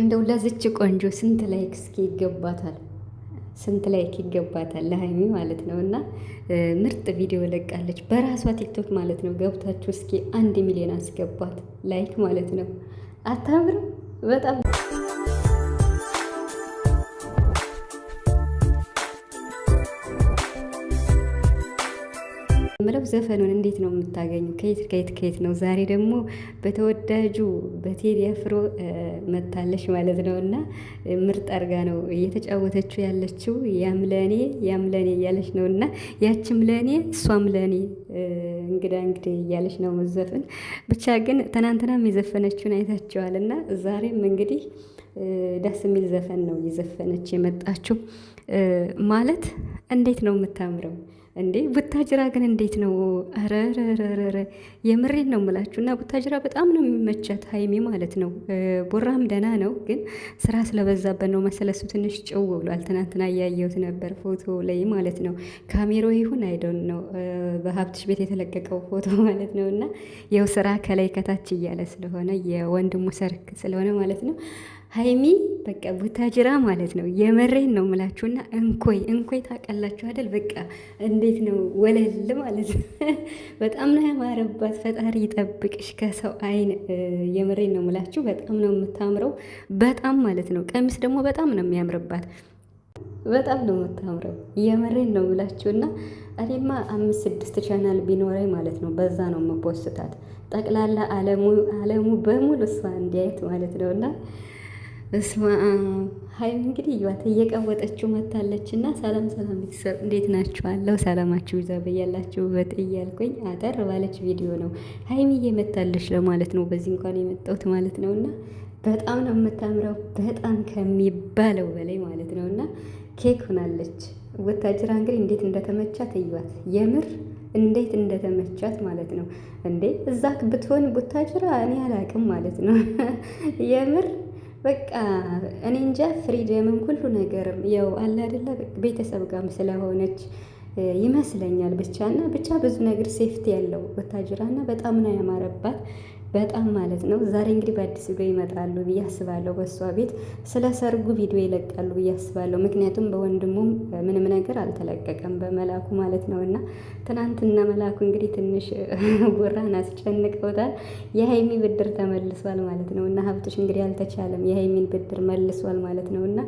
እንደው ለዝች ቆንጆ ስንት ላይክ እስኪ ይገባታል? ስንት ላይክ ይገባታል ለሀይሚ ማለት ነው። እና ምርጥ ቪዲዮ ለቃለች በራሷ ቲክቶክ ማለት ነው። ገብታችሁ እስኪ አንድ ሚሊዮን አስገባት ላይክ ማለት ነው። አታምርም በጣም የምለው ዘፈኑን እንዴት ነው የምታገኙ? ከየት ከየት ከየት ነው? ዛሬ ደግሞ በተወዳጁ በቴዲ አፍሮ መታለች ማለት ነው እና ምርጥ አርጋ ነው እየተጫወተችው ያለችው። ያም ለእኔ ያም ለእኔ እያለች ነው እና ያችም ለእኔ እሷም ለእኔ እንግዳ እንግዲህ እያለች ነው መዘፈን ብቻ። ግን ትናንትናም የዘፈነችውን አይታችኋል እና ዛሬም እንግዲህ ደስ የሚል ዘፈን ነው እየዘፈነች የመጣችው ማለት እንዴት ነው የምታምረው እንዴ ቡታጅራ ግን እንዴት ነው? ረረረረ የምሬን ነው ምላችሁ። እና ቡታጅራ በጣም ነው የሚመቻት ሀይሚ ማለት ነው። ቦራም ደህና ነው፣ ግን ስራ ስለበዛበት ነው መሰለሱ ትንሽ ጭው ብሏል። ትናንትና እያየሁት ነበር ፎቶ ላይ ማለት ነው። ካሜሮ ይሁን አይደን ነው በሀብትሽ ቤት የተለቀቀው ፎቶ ማለት ነው። እና የው ስራ ከላይ ከታች እያለ ስለሆነ የወንድሙ ሰርክ ስለሆነ ማለት ነው ሀይሚ በቃ ቡታጅራ ማለት ነው። የመሬን ነው ምላችሁና እንኮይ እንኮይ ታውቃላችሁ አይደል? በቃ እንዴት ነው ወለል ማለት ነው። በጣም ነው ያማረባት። ፈጣሪ ይጠብቅሽ ከሰው አይን። የመሬን ነው ምላችሁ። በጣም ነው የምታምረው። በጣም ማለት ነው። ቀሚስ ደግሞ በጣም ነው የሚያምርባት። በጣም ነው የምታምረው። የመሬን ነው ምላችሁና እኔማ አምስት ስድስት ቻናል ቢኖረኝ ማለት ነው በዛ ነው የምፖስታት። ጠቅላላ አለሙ በሙሉ እሷ እንዲያየት ማለት ነው እና እስማ ሀይሚ እንግዲህ እዩዋት እየቀወጠችው መታለች እና ሰላም ሰላም ቤተሰብ እንዴት ናችኋለሁ? ሰላማችሁ ይዛ በያላችሁበት እያልኩኝ አጠር ባለች ቪዲዮ ነው ሀይሚ እየመታለች ለማለት ነው። በዚህ እንኳን የመጣሁት ማለት ነው እና በጣም ነው የምታምረው በጣም ከሚባለው በላይ ማለት ነው እና ኬክ ሆናለች። ወታጅራ እንግዲህ እንዴት እንደተመቻት እዩዋት የምር እንዴት እንደተመቻት ማለት ነው። እንዴ እዛ ብትሆን ቦታጅራ እኔ አላቅም ማለት ነው የምር በቃ እኔ እንጃ ፍሪደምም ሁሉ ነገርም ያው አለ አይደለ ቤተሰብ ጋርም ስለሆነች ይመስለኛል ብቻ እና ብቻ ብዙ ነገር ሴፍቲ ያለው ወታጅራና በጣም ነው ያማረባት። በጣም ማለት ነው። ዛሬ እንግዲህ በአዲስ ቪዲዮ ይመጣሉ ብዬ አስባለሁ። በእሷ ቤት ስለ ሰርጉ ቪዲዮ ይለቃሉ ብዬ አስባለሁ። ምክንያቱም በወንድሙም ምንም ነገር አልተለቀቀም በመላኩ ማለት ነው። እና ትናንትና መላኩ እንግዲህ ትንሽ ቦራን አስጨንቀውታል። የሀይሚ ብድር ተመልሷል ማለት ነው። እና ሀብትሽ እንግዲህ አልተቻለም፣ የሀይሚን ብድር መልሷል ማለት ነው እና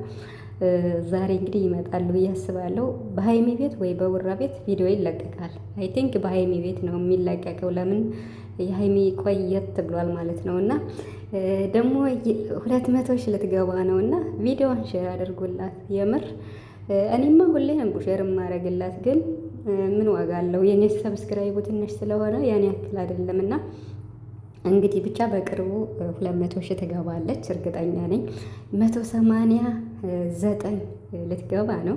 ዛሬ እንግዲህ ይመጣሉ ብዬ አስባለሁ። በሀይሚ ቤት ወይ በቡራ ቤት ቪዲዮ ይለቀቃል። አይ ቲንክ በሀይሚ ቤት ነው የሚለቀቀው። ለምን የሀይሚ ቆየት ብሏል ማለት ነው እና ደግሞ ሁለት መቶ ሺህ ልትገባ ነው እና ቪዲዮን ሼር አድርጉላት። የምር እኔማ ሁሌ ነው ሼር የማደርግላት ግን ምን ዋጋ አለው? የኔ ሰብስክራይቡ ትንሽ ስለሆነ ያን ያክል አይደለም እና እንግዲህ ብቻ በቅርቡ ሁለት መቶ ሺህ ትገባለች እርግጠኛ ነኝ። መቶ ሰማንያ ዘጠኝ ልትገባ ነው።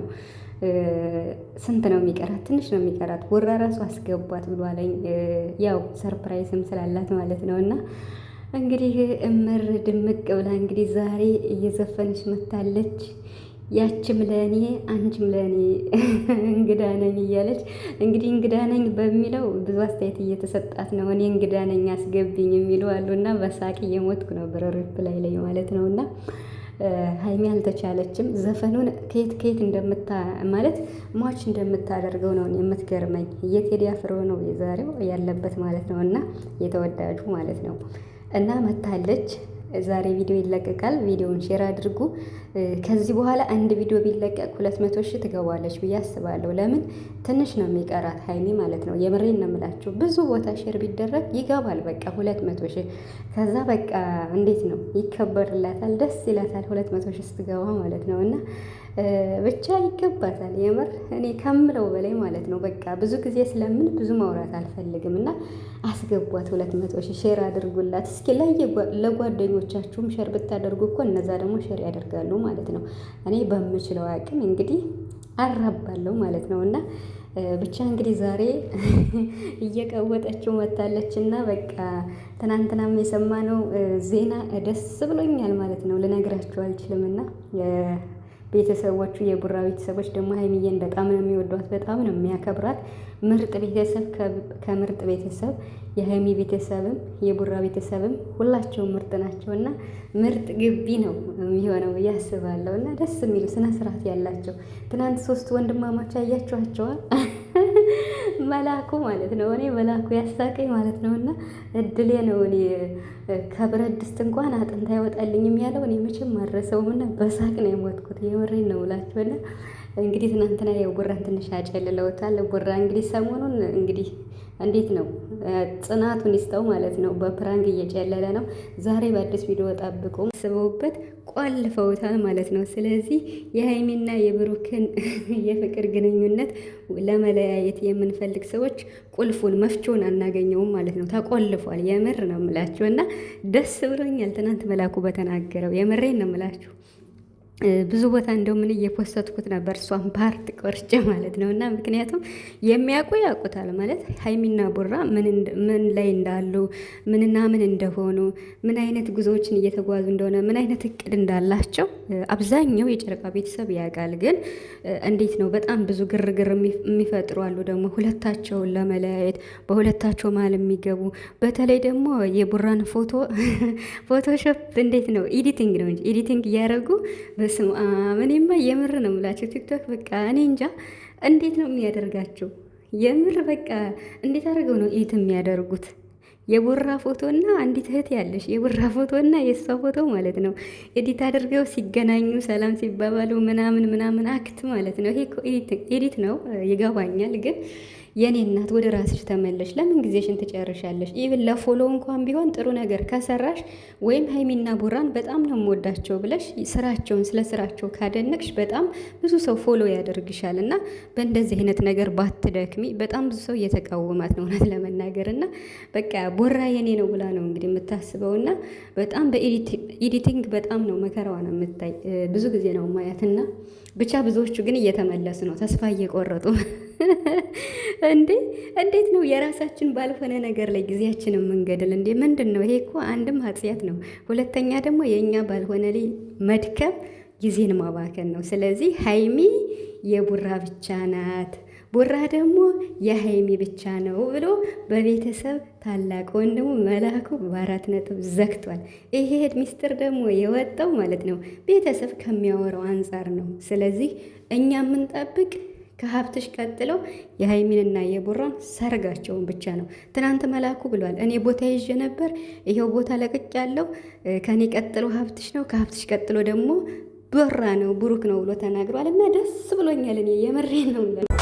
ስንት ነው የሚቀራት? ትንሽ ነው የሚቀራት። ወራ ራሱ አስገቧት ብሏለኝ። ያው ሰርፕራይዝም ስላላት ማለት ነው እና እንግዲህ እምር ድምቅ ብላ እንግዲህ ዛሬ እየዘፈነች መታለች። ያችም ለእኔ አንቺም ለእኔ እንግዳ ነኝ እያለች እንግዲህ እንግዳ ነኝ በሚለው ብዙ አስተያየት እየተሰጣት ነው። እኔ እንግዳ ነኝ አስገብኝ የሚሉ አሉ እና በሳቅ እየሞትኩ ነበር፣ ሪፕላይ ላይ ማለት ነው። እና ሀይሚ አልተቻለችም። ዘፈኑን ከየት ከየት እንደምታ ማለት ሟች እንደምታደርገው ነው የምትገርመኝ። የቴዲ አፍሮ ነው የዛሬው ያለበት ማለት ነው እና የተወዳጁ ማለት ነው እና መታለች ዛሬ ቪዲዮ ይለቀቃል። ቪዲዮውን ሼር አድርጉ። ከዚህ በኋላ አንድ ቪዲዮ ቢለቀቅ ሁለት መቶ ሺህ ትገባለች ብዬ አስባለሁ። ለምን ትንሽ ነው የሚቀራት ሀይሚ ማለት ነው። የምሬን ነው የምላችሁ። ብዙ ቦታ ሼር ቢደረግ ይገባል። በቃ ሁለት መቶ ሺህ ከዛ በቃ እንዴት ነው ይከበርላታል፣ ደስ ይላታል። ሁለት መቶ ሺህ ስትገባ ማለት ነው። እና ብቻ ይገባታል። የምር እኔ ከምለው በላይ ማለት ነው። በቃ ብዙ ጊዜ ስለምን ብዙ ማውራት አልፈልግም እና አስገቧት። ሁለት መቶ ሺህ ሼር አድርጉላት እስኪ ላይ ለጓደኞቻችሁም ሼር ብታደርጉ እኮ እነዛ ደግሞ ሼር ያደርጋሉ ማለት ነው። እኔ በምችለው አቅም እንግዲህ አራባለሁ ማለት ነው። እና ብቻ እንግዲህ ዛሬ እየቀወጠችው መታለች እና በቃ ትናንትናም የሰማነው ዜና ደስ ብሎኛል ማለት ነው። ልነግራችሁ አልችልም እና ቤተሰቦቹ የቡራ ቤተሰቦች ደግሞ ሀይሚዬን በጣም ነው የሚወዷት፣ በጣም ነው የሚያከብራት። ምርጥ ቤተሰብ ከምርጥ ቤተሰብ የሀይሚ ቤተሰብም የቡራ ቤተሰብም ሁላቸውም ምርጥ ናቸው እና ምርጥ ግቢ ነው የሚሆነው ብዬ አስባለሁ። እና ደስ የሚሉ ስነ ስርዓት ያላቸው ትናንት ሶስት ወንድማማች አያችኋቸዋል። መላኩ ማለት ነው እኔ መላኩ ያሳቀኝ ማለት ነው። እና እድሌ ነው እኔ ከብረት ድስት እንኳን አጥንት አይወጣልኝም ያለው እኔ መቼም አረሰውም እና በሳቅ ነው የሞትኩት። የወሬ ነው ብላችሁ እና እንግዲህ ትናንትና የጉራን ትንሽ ያጨልለውታል። ጉራ እንግዲህ ሰሞኑን እንግዲህ እንዴት ነው ጽናቱን ይስጠው ማለት ነው። በፕራንግ እየጨለለ ነው። ዛሬ በአዲስ ቪዲዮ ጣብቆ ስበውበት ቆልፈውታል ማለት ነው። ስለዚህ የሀይሚና የብሩክን የፍቅር ግንኙነት ለመለያየት የምንፈልግ ሰዎች ቁልፉን መፍቾን አናገኘውም ማለት ነው። ተቆልፏል። የምር ነው ምላችሁ እና ደስ ብሎኛል። ትናንት መላኩ በተናገረው የምሬን ነው ምላችሁ ብዙ ቦታ እንደው ምን እየፖስተትኩት ነበር እሷን ፓርት ቆርጬ ማለት ነው። እና ምክንያቱም የሚያውቁ ያውቁታል ማለት ሀይሚና ቡራ ምን ላይ እንዳሉ ምንና ምን እንደሆኑ ምን አይነት ጉዞዎችን እየተጓዙ እንደሆነ ምን አይነት እቅድ እንዳላቸው አብዛኛው የጨረቃ ቤተሰብ ያውቃል። ግን እንዴት ነው በጣም ብዙ ግርግር የሚፈጥሩ አሉ። ደግሞ ሁለታቸውን ለመለያየት በሁለታቸው መሀል የሚገቡ በተለይ ደግሞ የቡራን ፎቶ ፎቶሾፕ እንዴት ነው ኤዲቲንግ ነው እንጂ ኢዲቲንግ እያደረጉ በስመ አብ እኔማ የምር ነው የምላችሁ። ቲክቶክ በቃ እኔ እንጃ እንዴት ነው የሚያደርጋችሁ? የምር በቃ እንዴት አድርገው ነው ኢት የሚያደርጉት? የቡራ እና አንዲት እህት ያለሽ የቡራ እና የእሷ ፎቶ ማለት ነው ኤዲት አድርገው ሲገናኙ ሰላም ሲባባሉ ምናምን ምናምን አክት ማለት ነው። ይሄ ኤዲት ነው ይገባኛል ግን የኔ እናት ወደ ራስሽ ተመለሽ። ለምን ጊዜሽን ትጨርሻለሽ? ኢቭን ለፎሎ እንኳን ቢሆን ጥሩ ነገር ከሰራሽ ወይም ሀይሚና ቡራን በጣም ነው የምወዳቸው ብለሽ ስራቸውን ስለ ስራቸው ካደነቅሽ በጣም ብዙ ሰው ፎሎ ያደርግሻል እና በእንደዚህ አይነት ነገር ባትደክሚ። በጣም ብዙ ሰው እየተቃወማት ነው እውነት ለመናገር እና በቃ ቦራ የኔ ነው ብላ ነው እንግዲህ የምታስበው እና በጣም በኤዲቲንግ በጣም ነው መከራዋ ነው የምታይ ብዙ ጊዜ ነው ማያት እና ብቻ ብዙዎቹ ግን እየተመለሱ ነው ተስፋ እየቆረጡ እንዴ እንዴት ነው የራሳችን ባልሆነ ነገር ላይ ጊዜያችንን የምንገድል? እንዴ ምንድን ነው ይሄ? እኮ አንድም ኃጢአት ነው፣ ሁለተኛ ደግሞ የእኛ ባልሆነ ላይ መድከም ጊዜን ማባከን ነው። ስለዚህ ሀይሚ የቡራ ብቻ ናት፣ ቡራ ደግሞ የሀይሚ ብቻ ነው ብሎ በቤተሰብ ታላቅ ወንድሙ መላኩ በአራት ነጥብ ዘግቷል። ይሄ ሚስጥር ደግሞ የወጣው ማለት ነው ቤተሰብ ከሚያወራው አንጻር ነው። ስለዚህ እኛ የምንጠብቅ ከሀብትሽ ቀጥለው የሀይሚንና የቡራን ሰርጋቸውን ብቻ ነው። ትናንት መላኩ ብሏል፣ እኔ ቦታ ይዤ ነበር፣ ይሄው ቦታ ለቅቅ ያለው ከእኔ ቀጥሎ ሀብትሽ ነው፣ ከሀብትሽ ቀጥሎ ደግሞ ቡራ ነው፣ ብሩክ ነው ብሎ ተናግሯል። እና ደስ ብሎኛል። እኔ የምሬን ነው።